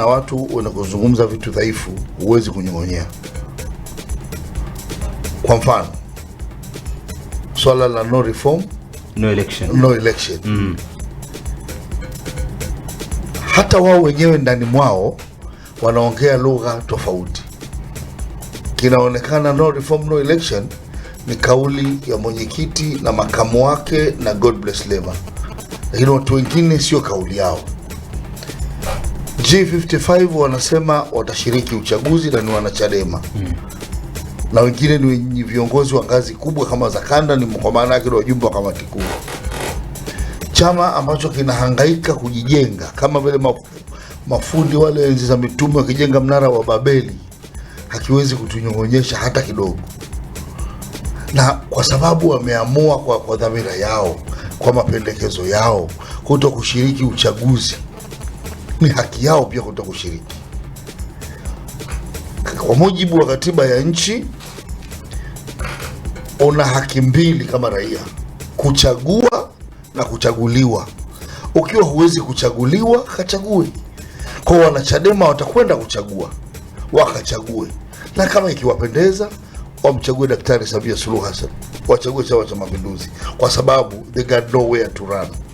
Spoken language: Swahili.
na watu unakuzungumza vitu dhaifu, huwezi kunyong'onyea. Kwa mfano swala la no reform no election, no election. Mm. Hata wao wenyewe ndani mwao wanaongea lugha tofauti, kinaonekana no reform no election ni kauli ya mwenyekiti na makamu wake na God bless Lema, lakini watu wengine sio kauli yao. G55 wanasema watashiriki uchaguzi na ni wanachadema mm. na wengine ni viongozi wa ngazi kubwa kama za kanda, ni kwa maana yake ni wajumbe wa kamati kuu. Chama ambacho kinahangaika kujijenga kama vile mafundi wale enzi za mitume wakijenga mnara wa Babeli hakiwezi kutunyong'onyesha hata kidogo, na kwa sababu wameamua kwa, kwa dhamira yao, kwa mapendekezo yao kuto kushiriki uchaguzi ni haki yao pia kushiriki kwa mujibu wa katiba ya nchi. Una haki mbili kama raia, kuchagua na kuchaguliwa. Ukiwa huwezi kuchaguliwa, kachague. Kwa wanachadema watakwenda kuchagua, wakachague, na kama ikiwapendeza wamchague Daktari Samia Suluhu Hassan, wachague Chama cha Mapinduzi, kwa sababu they got nowhere to run.